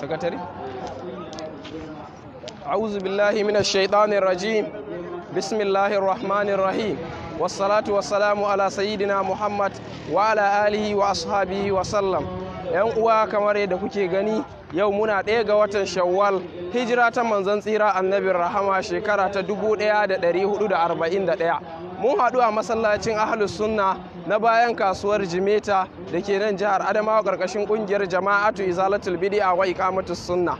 sakatare a'udhu billahi minash shaitanir rajim bismillahir rahmanir rahim wassalatu wassalamu ala sayyidina muhammad wa ala alihi wa ashabihi wa sallam yan uwa kamar yadda kuke gani yau muna ɗaya ga watan shawwal hijira ta manzon tsira annabin rahama shekara ta 1441 mun haɗu a masallacin ahalus sunna na bayan kasuwar jimeta da ke nan jihar adamawa ƙarƙashin ƙungiyar jama'atu izalatul bidi'a wa iqamatus sunna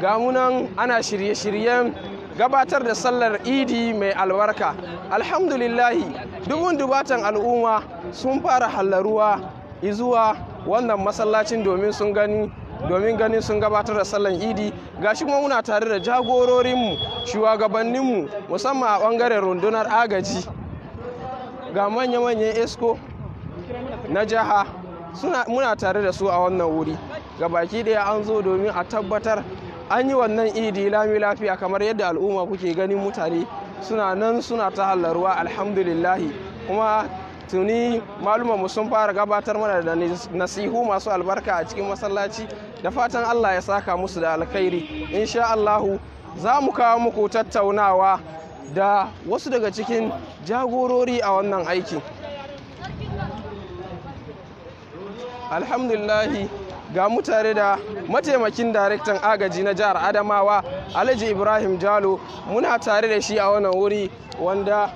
ga munan ana shirye-shiryen gabatar da sallar idi mai albarka alhamdulillahi dubun dubatan al'umma sun fara hallaruwa izuwa wannan masallacin domin sun gani domin ganin sun gabatar da sallan idi gashi kuma muna tare da jagororinmu shugabanninmu musamman a bangaren rundunar agaji ga manya-manyan esco na jiha muna tare da su a wannan wuri ga baki daya an zo domin a tabbatar an yi wannan idi lami lafiya kamar yadda al'umma kuke ganin mutane suna nan suna ta halarwa alhamdulillahi kuma tuni malumanmu sun fara gabatar mana da nasihu masu albarka a cikin masallaci da fatan Allah ya saka musu da alkhairi insha Allahu za mu kawo muku tattaunawa da wasu daga cikin jagorori a wannan aiki alhamdulillahi ga mu tare da mataimakin daraktan agaji na jihar adamawa alhaji ibrahim jalo muna tare da shi a wannan wuri wanda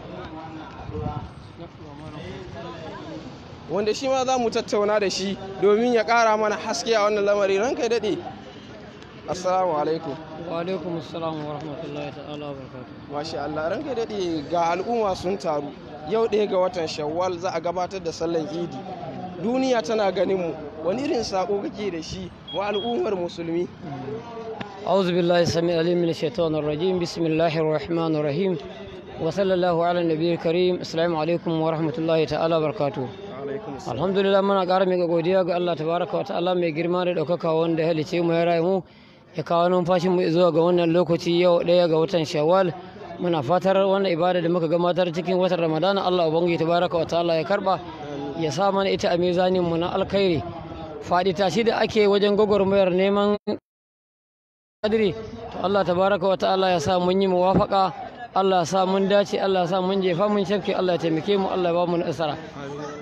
wanda shi ma za mu tattauna da shi domin ya ƙara mana haske a wannan lamari ranka ya daɗe assalamu alaikum wa alaikum assalamu wa rahmatullahi ta'ala wa barakatuh mashi Allah ranka ya daɗe ga al'umma sun taru yau ɗaya ga watan shawwal za a gabatar da sallan idi duniya tana ganin mu wani irin sako kake da shi wa al'ummar musulmi أعوذ بالله السميع العليم من الشيطان الرجيم بسم الله الرحمن الرحيم وصلى الله على النبي الكريم السلام عليكم ورحمة الله تعالى وبركاته alhamdulillah muna ƙara godiya ga Allah tabaraka wa ta'ala mai girma da ɗaukaka wanda ya halice mu ya rayu mu ya kawo numfashin mu zuwa ga wannan lokaci yau ɗaya ga watan shawwal muna fatar wannan ibada da muka gabatar cikin watan Ramadan. Allah ubangiji tabaraka wa ta'ala ya karba ya sa mana ita a mizanin mu na alkhairi faɗi tashi da ake wajen gwagwarmayar neman kadiri to Allah tabaraka wa ta'ala ya sa mun yi muwafaka Allah sa mun dace Allah sa mun jefa mun shafke Allah taimake mu Allah ba mu nasara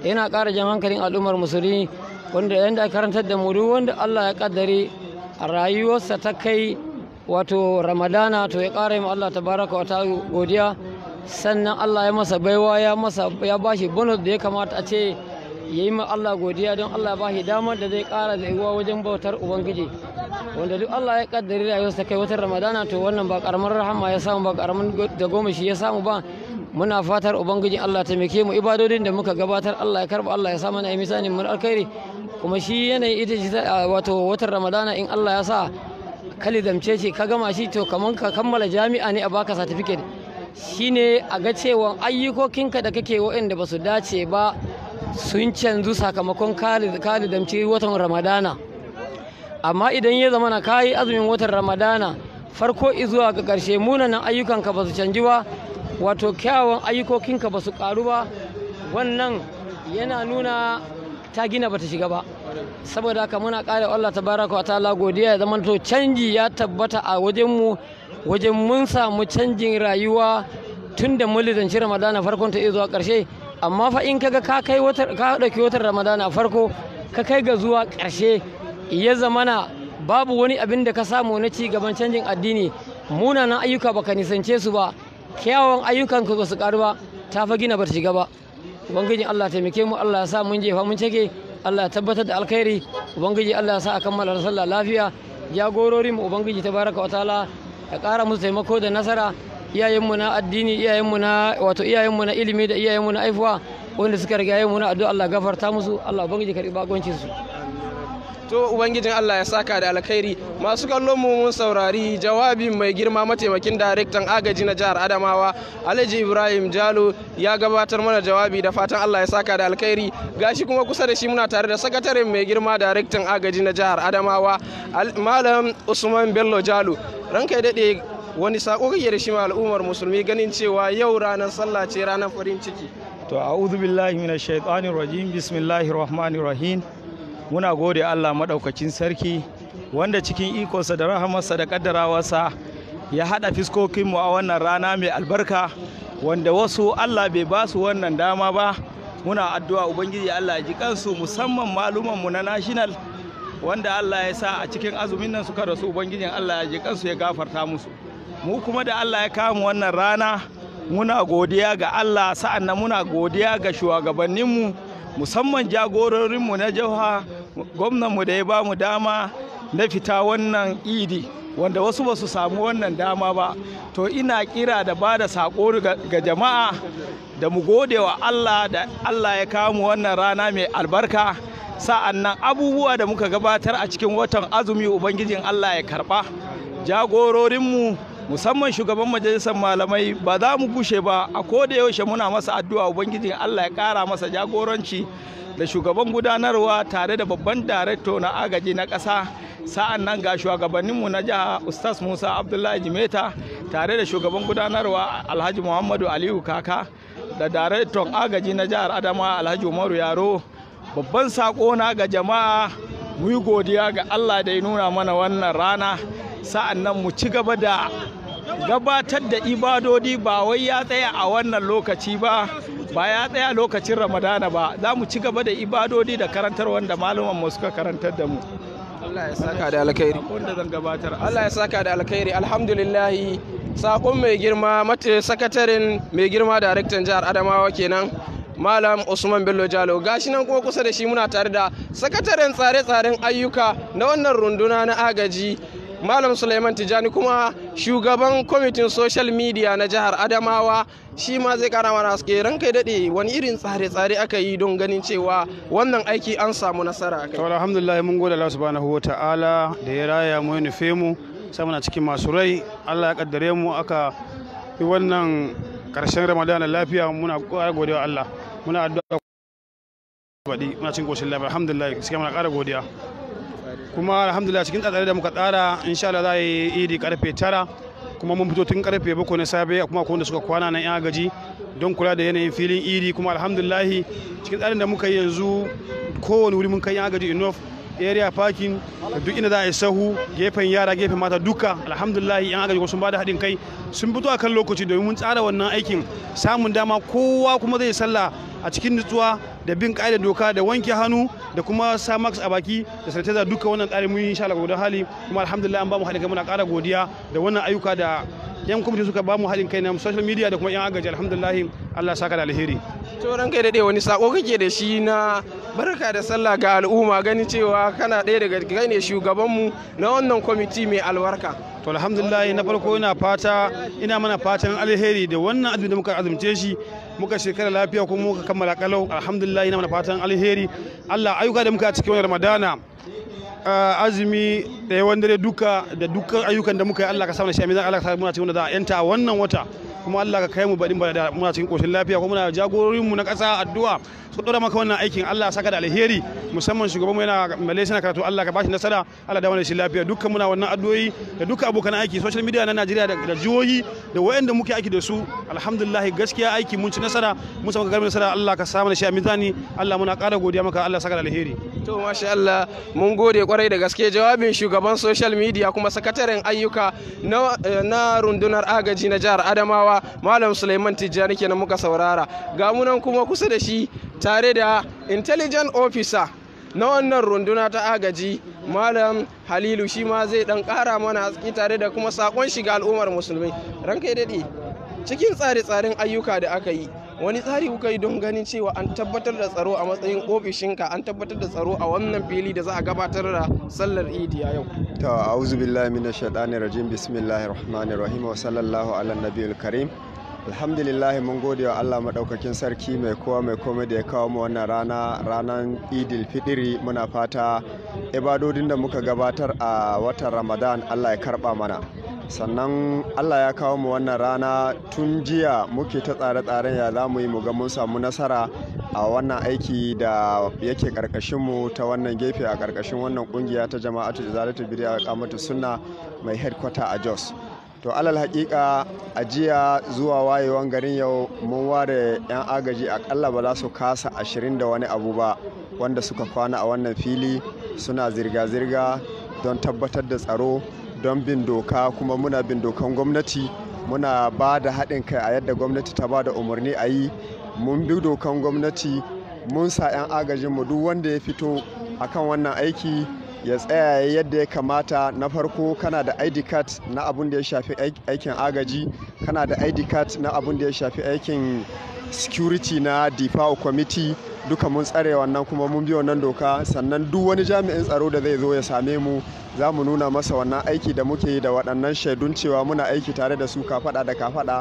yana ƙara jan hankalin al'ummar musulmi wanda yanda karantar da mu duk wanda Allah ya kaddare rayuwarsa ta kai wato ramadana to ya ƙara mu Allah tabaraka wa ta'ala godiya sannan Allah ya masa baiwa ya masa ya bashi bonus da ya kamata a ce yayi ma Allah godiya don Allah ya bashi damar da zai ƙara da wajen bautar ubangiji wanda duk Allah ya kaddari rayuwarsa kai watan ramadana to wannan ba karamar rahama ya samu ba karamin da goma shi ya samu ba muna fatar ubangijin Allah ta mike mu ibadodin da muka gabatar Allah ya karba Allah ya samu mana misanin mun alkhairi kuma shi yanayin ita shi wato watan ramadana in Allah ya sa kalidamce shi ka gama shi to kaman ka kammala jami'a ne a baka certificate shine a ga cewa ka da kake waɗanda ba su dace ba sun canzu sakamakon kalidamce watan ramadana amma idan ya zama na kayi azumin watan ramadana farko izuwa ga ƙarshe munanan ayyukanka ba su canji ba wato kyawun ayyukokinka ba su ƙaru ba wannan yana nuna ta gina ba ta shiga ba saboda haka muna ƙara Allah tabaraka wa ta'ala godiya ya zama to canji ya tabbata a wajen mu wajen mun samu canjin rayuwa tun da mun lizanci ramadana farkon ta zuwa ƙarshe amma fa in kaga ka kai wata ka dauki watan ramadana farko ka kai ga zuwa karshe. ya zamana babu wani abin da ka samu na ci gaban canjin addini munanan ayyuka baka nisance su ba kyawawan ayyukan ka ba su karu ba ta fa gina bar shiga ba ubangiji Allah taimake mu Allah ya sa mun jefa mun cike Allah ya tabbatar da alkhairi ubangiji Allah ya sa a kammala sallah lafiya jagororin mu ubangiji tabaraka wa ta'ala ya kara musu taimako da nasara iyayen mu na addini iyayen mu na wato iyayen mu na ilimi da iyayen mu na aifuwa wanda suka riga mu na addu'a Allah gafarta musu Allah ubangiji karbi bakoncin su to ubangijin Allah ya saka da alkhairi masu kallon mu mun saurari jawabi mai girma mataimakin daraktan agaji na jihar Adamawa Alhaji Ibrahim Jalo ya gabatar mana jawabi da fatan Allah ya saka da alkhairi gashi kuma kusa da shi muna tare da sakataren mai girma daraktan agaji na jihar Adamawa Malam Usman Bello Jalo ranka ya dade wani sako kake da shi ma al'ummar musulmi ganin cewa yau ranar sallah ce ranar farin ciki to a'udhu billahi minash shaitanir rajim bismillahir rahmanir rahim muna gode Allah maɗaukacin sarki wanda cikin ikonsa da rahamarsa da ƙaddarawarsa ya haɗa fiskokinmu a wannan rana mai albarka wanda wasu Allah bai ba su wannan dama ba muna addu'a ubangiji Allah ji kansu musamman malumanmu na national wanda Allah ya sa a cikin azumin nan suka rasu ubangijin Allah ya ji kansu ya gafarta musu mu kuma da Allah ya kama wannan rana muna godiya ga Allah sa'an nan muna godiya ga shugabanninmu musamman jagororinmu na Jawa. gwamnanmu da ya ba mu dama na fita wannan idi wanda wasu ba su samu wannan dama ba to ina kira da ba da sako ga jama'a da mu gode wa allah da allah ya kamu wannan rana mai albarka sa'an nan abubuwa da muka gabatar a cikin watan azumi ubangijin allah ya karɓa jagororinmu musamman shugaban majalisar malamai ba za mu gushe ba a koda yaushe muna masa addu'a ubangijin allah ya kara masa jagoranci da shugaban gudanarwa tare da babban darekto na agaji na ƙasa sa'an nan ga shugabanninmu na jiha ustaz musa abdullahi jimeta tare da shugaban gudanarwa alhaji muhammadu aliyu kaka da darekton agaji na jihar adama alhaji umaru yaro babban saƙo na ga jama'a mu yi godiya ga allah da ya nuna mana wannan rana sa'an nan mu ci gaba da gabatar da ibadodi ba wai ya tsaya a wannan lokaci ba ba ya tsaya lokacin ramadana ba za mu ci gaba da ibadodi da karantar wanda malaman mu suka karantar da mu Allah ya saka da alkhairi Allah ya saka da alkhairi alhamdulillah sakon mai girma mata sakatarin mai girma daraktan jihar Adamawa kenan Malam Usman Bello Jalo gashi nan ko kusa da shi muna tare da sakataren tsare-tsaren ayyuka na wannan runduna na agaji malam suleiman tijani kuma shugaban kwamitin social media na jihar adamawa shi ma zai kara mana haske ranka daɗe wani irin tsare-tsare aka yi don ganin cewa wannan aiki an samu nasara a to alhamdulillah mun gode Allah subhanahu wa ta'ala da ya raya mu fe mu sai muna cikin masu rai Allah ya kaddare mu aka yi wannan karshen ramadana lafiya muna godewa Allah muna addu'a muna cin ƙoshin lafiya alhamdulillah gaskiya muna ƙara godiya kuma alhamdulillah cikin tsadari da muka tsara insha Allah za a yi idi karfe tara kuma mun fito tun karfe bakwai na safe kuma kuma da suka kwana nan yan agaji don kula da yanayin filin idi kuma alhamdulillah cikin tsarin da muka yi yanzu kowane wuri mun kai yan agaji enough area parking duk inda za a yi sahu gefen yara gefen mata duka alhamdulillah yan agaji sun bada haɗin kai sun fito a kan lokaci domin mun tsara wannan aikin samun dama kowa kuma zai sallah a cikin nutsuwa da bin ƙa'idar doka da wanke hannu da kuma Samaks a baki da sanitaiza duka wannan tsari mu yi insha Allah hali kuma alhamdulillah an ba mu haɗin kai muna ƙara godiya da wannan ayyuka da yan kwamiti suka ba mu haɗin kai na social media da kuma yan agaji alhamdulillah Allah saka da alheri to ran kai dade wani sako kake da shi na barka da sallah ga al'umma gani cewa kana ɗaya daga kai ne shugaban mu na wannan kwamiti mai albarka to alhamdulillah na farko ina fata ina mana fatan alheri da wannan azumi da muka azumce shi muka shekara lafiya kuma muka kammala kalau alhamdulillah ina mana fatan alheri Allah ayyuka da muka cikin wannan Ramadana ah, azumi da yawan dare duka da dukkan ayyukan da muka yi Allah ka sa mana shi Allah ka sa muna cikin wannan za a yanta wannan wata kuma Allah ka kai mu baɗin ba da muna cikin koshin lafiya kuma muna jagororin mu na ƙasa addu'a su dora maka wannan aikin Allah saka da alheri musamman shugaban mu yana Malaysia na karatu Allah ka bashi nasara Allah da wannan shi lafiya dukkan muna wannan addu'o'i da dukkan abokan aiki social media na Najeriya da jihohi da wayanda muke aiki da su alhamdulillah gaskiya aiki mun ci nasara mun samu garmin nasara Allah ka samu shi a mizani Allah muna ƙara godiya maka Allah saka da alheri to masha Allah mun gode kwarai da gaske jawabin shugaban social media kuma sakataren ayyuka na eh, rundunar agaji na jihar Adamawa malam suleiman tijjani kenan muka saurara ga munan kuma kusa da shi tare da intelligent officer na wannan runduna ta agaji malam halilu shi ma zai dan kara mana haske tare da kuma sakon shiga al'ummar musulmi ranka ya dade. cikin tsare-tsaren ayyuka da aka yi wani tsari kuka yi don ganin cewa an tabbatar da tsaro a matsayin ofishinka an tabbatar da tsaro a wannan fili da za a gabatar da sallar idi a yau ta auzu billahi minash shaitanir rajim bismillahir rahmanir rahim wa sallallahu ala nabiyil karim alhamdulillah mun gode wa Allah maɗaukakin sarki mai kowa mai komai da ya kawo mu wannan rana ranar idil fitiri muna fata ibadodin da muka gabatar a watan ramadan Allah ya karɓa mana sannan allah ya kawo mu wannan rana tun jiya muke ta tsare-tsaren ya za mu yi mu ga mun samu nasara a wannan aiki da yake mu ta wannan gefe a karkashin wannan kungiya ta jama'atu biri a kamata suna mai headquarter a jos to alal hakika a jiya zuwa wayewan garin yau mun ware 'yan agaji akalla ba za su kasa ashirin da wani abu ba wanda suka kwana a wannan fili suna zirga-zirga don tabbatar da tsaro don bin doka kuma muna bin dokan gwamnati muna ba da haɗin kai a yadda gwamnati ta ba da umarni a yi mun bi dokan gwamnati mun sa 'yan agajinmu duk wanda ya fito a kan wannan aiki ya tsaya yadda ya kamata na farko kana da id card na abin da ya shafi aikin agaji kana da id card na abin da ya shafi aikin security na difawa kwamiti duka mun tsare wannan kuma mun bi wannan doka sannan duk wani jami'in tsaro da zai zo ya same mu za mu nuna masa wannan aiki da muke yi da waɗannan shaidun cewa muna aiki tare da su kafaɗa da kafaɗa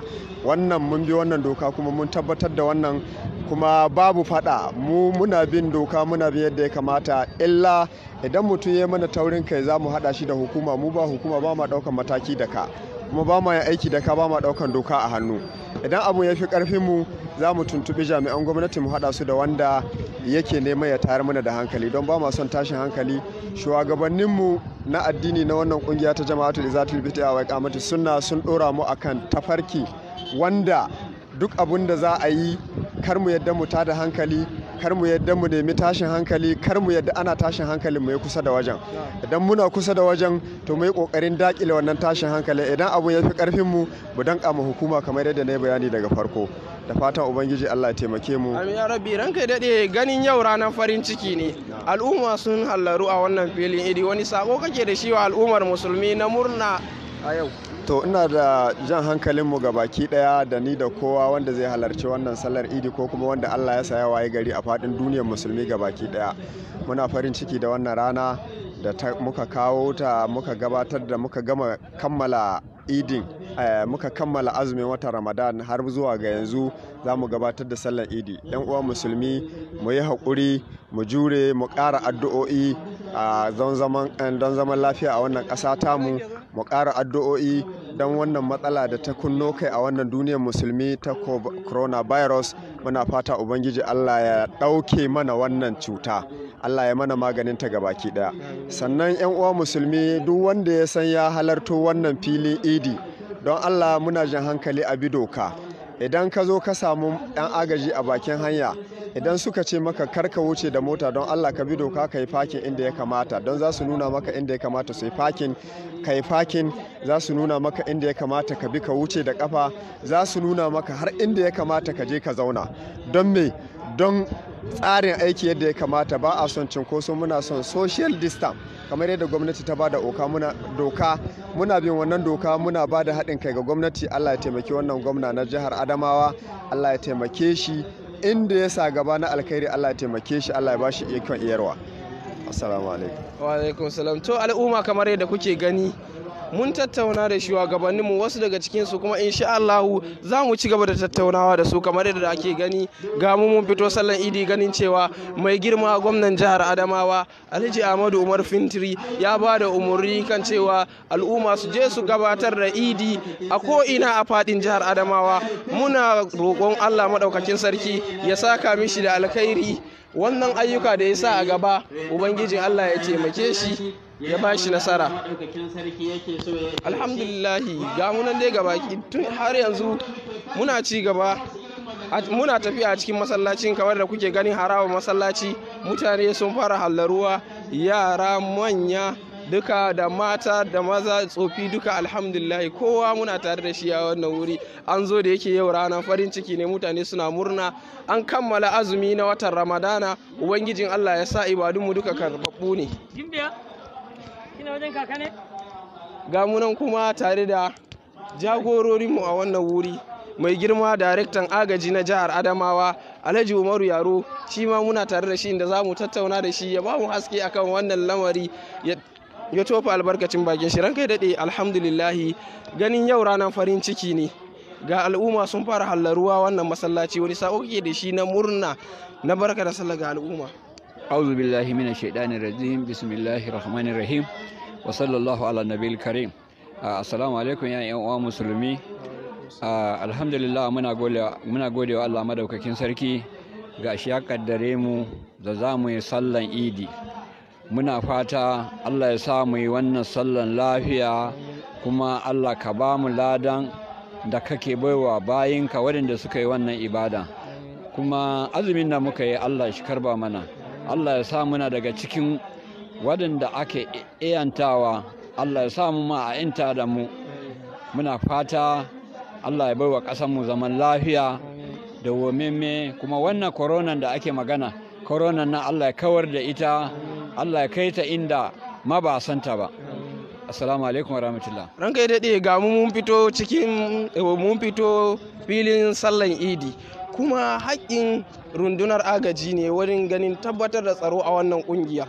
wannan mun bi wannan doka kuma mun tabbatar da wannan kuma babu faɗa mu muna bin doka muna bi yadda ya kamata illa idan mutum ya mana taurin kai za mu haɗa shi da hukuma mu ba hukuma ba ma ɗaukan mataki da ka kuma ba ma aiki da ka ba ma ɗaukan doka a hannu idan abu ya fi ƙarfin mu za mu tuntuɓi jami'an gwamnati mu haɗa su da wanda yake neman ya tayar mana da hankali don ba ma son tashin hankali shugabanninmu na addini na wannan kungiya ta ta bi ta wai iqamati sunna sun dora mu akan tafarki wanda duk abun da za a yi kar mu yadda mu tada hankali kar mu yadda mu nemi tashin hankali kar mu yadda ana tashin hankali mu yi kusa da wajen idan muna kusa da wajen to mu yi kokarin dakile wannan tashin hankali idan abu ya fi karfin mu mu danka mu hukuma kamar yadda na yi bayani daga farko da fatan ubangiji Allah ya taimake mu amin ya rabbi ranka dade ganin yau ranar farin ciki ne al'umma sun hallaru a wannan filin idi wani sako kake da shi wa al'ummar musulmi na murna a yau to ina da jan hankalinmu ga baki daya da ni da kowa wanda zai halarci wannan sallar idi ko kuma wanda allah ya saya waye gari a fadin duniyar musulmi ga baki daya muna farin ciki da wannan rana da muka kawo ta muka gabatar da muka gama kammala idin eh, muka kammala azumin wata ramadan har zuwa ga yanzu za mu gabatar da sallar idi yan uwa musulmi mu yi haƙuri mu jure mu ƙara addu'o'i ah, don zaman lafiya a wannan ƙasa tamu mu ƙara addu'o'i don wannan matsala da ta kunno kai a wannan duniyar musulmi ta coronavirus muna fata ubangiji allah ya ɗauke mana wannan cuta allah ya mana maganin ta gabaki ɗaya sannan 'yan uwa musulmi duk wanda ya san ya halarto wannan filin idi don allah muna jin hankali a bi doka idan ka zo ka samu yan agaji a bakin hanya idan suka ce maka kar ka wuce da mota don allah ka bi doka ka yi fakin inda ya kamata don za su nuna maka inda ya kamata su yi fakin ka yi fakin za su nuna maka inda ya kamata ka bi ka wuce da kafa za su nuna maka har inda ya kamata ka je ka zauna don me don tsarin aiki yadda ya kamata ba a son cinkoso muna son social distance kamar yadda gwamnati ta bada oka muna doka muna bin wannan doka muna ba da haɗin kai ga gwamnati allah ya taimaki wannan gwamna na jihar adamawa allah ya taimake shi inda ya sa gaba na alkhairi Allah ya taimake shi Allah ya ba shi ikon iyarwa assalamu alaikum wa alaikum salam to al'umma kamar yadda kuke gani mun tattauna da shugabannin mu wasu daga cikin su kuma insha Allah za mu ci gaba da tattaunawa da su kamar yadda ake gani ga mu mun fito sallan idi ganin cewa mai girma gwamnan jihar Adamawa Alhaji Ahmadu Umar Fintiri ya ba da umarni kan cewa al'umma su je su gabatar da idi a ko ina a fadin jihar Adamawa muna roƙon Allah madaukakin sarki ya saka mishi da alkhairi wannan ayyuka da ya sa a gaba ubangijin Allah ya taimake shi ya ba shi nasara alhamdulillahi ga munan dai gaba tun har yanzu muna ci gaba muna tafiya a cikin masallacin kamar da kuke ganin harawa masallaci mutane sun fara hallaruwa yara manya duka da mata da maza tsofi duka alhamdulillah kowa muna tare da shi a wannan wuri an zo da yake yau ranar farin ciki ne mutane suna murna an kammala azumi na watan ramadana ubangijin allah ya sa ibadunmu duka karɓaɓɓu ne ga kuma tare da jagororinmu a wannan wuri mai girma daraktan agaji na jihar adamawa alhaji umaru yaro shi ma muna tare da shi inda za mu tattauna da shi ya ba mu haske akan wannan lamari ya tofa albarkacin bakin shi ranka daɗe alhamdulillahi ganin yau ranar farin ciki ne ga al'umma sun fara hallaruwa wannan masallaci wani sako kake da shi na murna na barka da sallah ga al'umma a'udhu billahi minash shaitanir rajim bismillahir rahmanir rahim wa sallallahu ala nabiyil karim assalamu alaikum ya yan uwa musulmi alhamdulillah muna gode wa Allah madaukakin sarki ga shi ya kaddare mu da zamu yi sallan idi muna fata allah ya sa mu yi wannan sallan lafiya kuma allah ka ba mu ladan da kake baiwa bayinka waɗanda suka yi wannan ibada kuma azumin da muka yi allah shi karba mana allah ya sa muna daga cikin waɗanda ake iyantawa allah ya sa mu ma a inta da mu muna fata allah ya baiwa mu zaman lafiya da wamemme kuma wannan koronan da ake magana koronan na allah ya kawar da ita Allah ya kai ta inda ma ba a santa ba assalamu alaikum wa rahmatullah. ranka ya daɗe ga mu mun fito cikin eh, mun fito filin sallan idi kuma haƙƙin rundunar agaji ne wurin ganin tabbatar da tsaro a wannan ƙungiya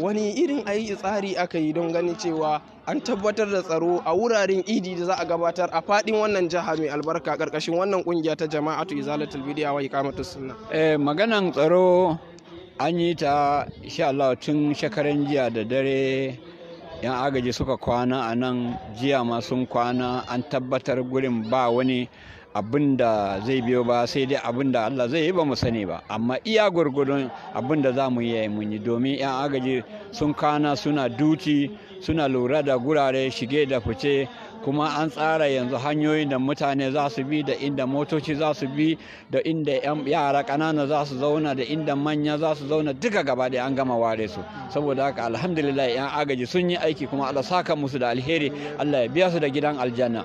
wani irin a tsari aka yi don ganin cewa an tabbatar da tsaro a wuraren idi da za a gabatar a fadin wannan jiha mai albarka ƙarƙashin wannan ƙungiya ta jama'atu izalatul bidiya wa iqamatus sunna eh maganan tsaro an yi ta sha Allah tun shekaran jiya da dare yan agaji suka kwana a nan jiya ma sun kwana an tabbatar gurin ba wani abin da zai biyo ba sai dai abin da Allah zai yi ba mu sani ba amma iya gurgudun abin da za mu yi mun yi domin yan agaji sun kwana suna duti suna lura da gurare shige da fice kuma an tsara yanzu hanyoyin da mutane za su bi da inda motoci za su bi da inda yara kanana za su zauna da inda manya za su zauna duka gaba da an gama ware su saboda haka alhamdulillah yan agaji sun yi aiki kuma Allah saka musu da alheri Allah ya biya su da gidan aljanna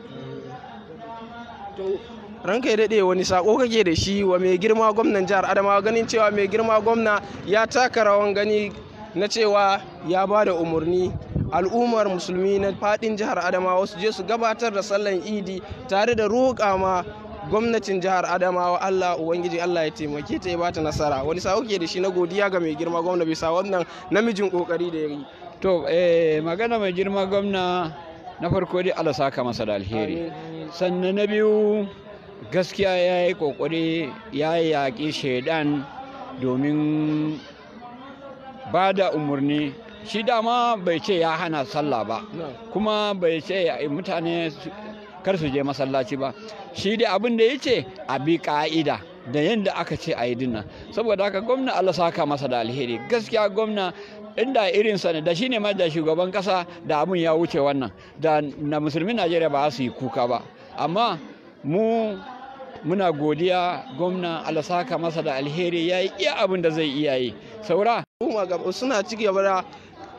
ranka ya daɗe wani sako kake da shi wa mai girma gwamnan jihar adamawa ganin cewa mai girma gwamna ya taka rawan gani na cewa ya ba da umarni al'ummar musulmi na fadin jihar adamawa su je su gabatar da sallan idi tare da roƙa ma gwamnatin jihar adamawa allah ubangiji allah ya taimake ta ya bata nasara wani sa ke da shi na godiya ga mai girma gwamna bisa wannan namijin kokari da ya yi to eh magana mai girma gwamna na farko dai allah saka masa da alheri sannan na biyu gaskiya ya yi kokari ya yaƙi shaidan domin ba da umarni shi dama bai ce ya hana sallah ba kuma bai ce mutane kar su je masallaci ba shi dai abin da ya ce a bi ka'ida da yadda aka ce a yi dinnan saboda haka gwamna Allah saka masa da alheri gaskiya gwamna inda irin ne da shi ne da shugaban kasa da abin ya wuce wannan da na musulmin najeriya ba su yi kuka ba amma mu muna godiya gwamna saka masa da alheri ya yi iya abin da zai iya yi saura suna ci gaba da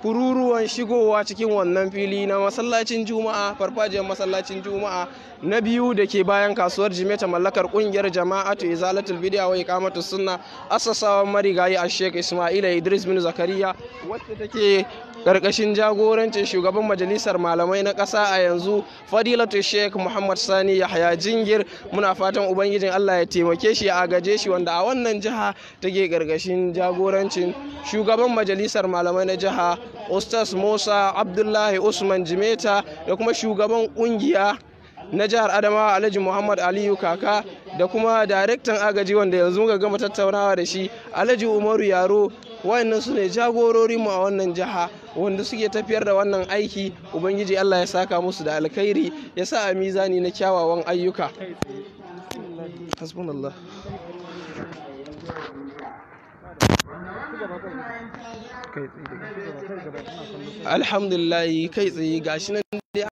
Fururuwan shigowa cikin wannan fili na masallacin juma'a farfajiyar masallacin juma'a na biyu da ke bayan kasuwar jimeta mallakar kungiyar jama'atu izalatul bidiya wa iqamatus sunna assasawan marigayi a sheikh isma'ila idris bin zakariya wacce take ƙarƙashin jagorancin shugaban majalisar malamai na ƙasa a yanzu fadilatu sheikh muhammad sani Yahya jingir muna fatan ubangijin allah ya taimake shi a gaje shi wanda a wannan jiha take ƙarƙashin jagorancin shugaban majalisar malamai na jiha ustaz musa abdullahi usman jimeta da kuma shugaban ƙungiya na jihar adamawa alhaji muhammad aliyu kaka da kuma daraktan agaji wanda yanzu ga gama tattaunawa da shi alhaji umaru yaro wayannan su ne mu a wannan jiha wanda suke tafiyar da wannan aiki ubangiji allah ya saka musu da alkhairi ya sa a mizani na kyawawan ayyuka alhamdulillah kai tsaye gashi nan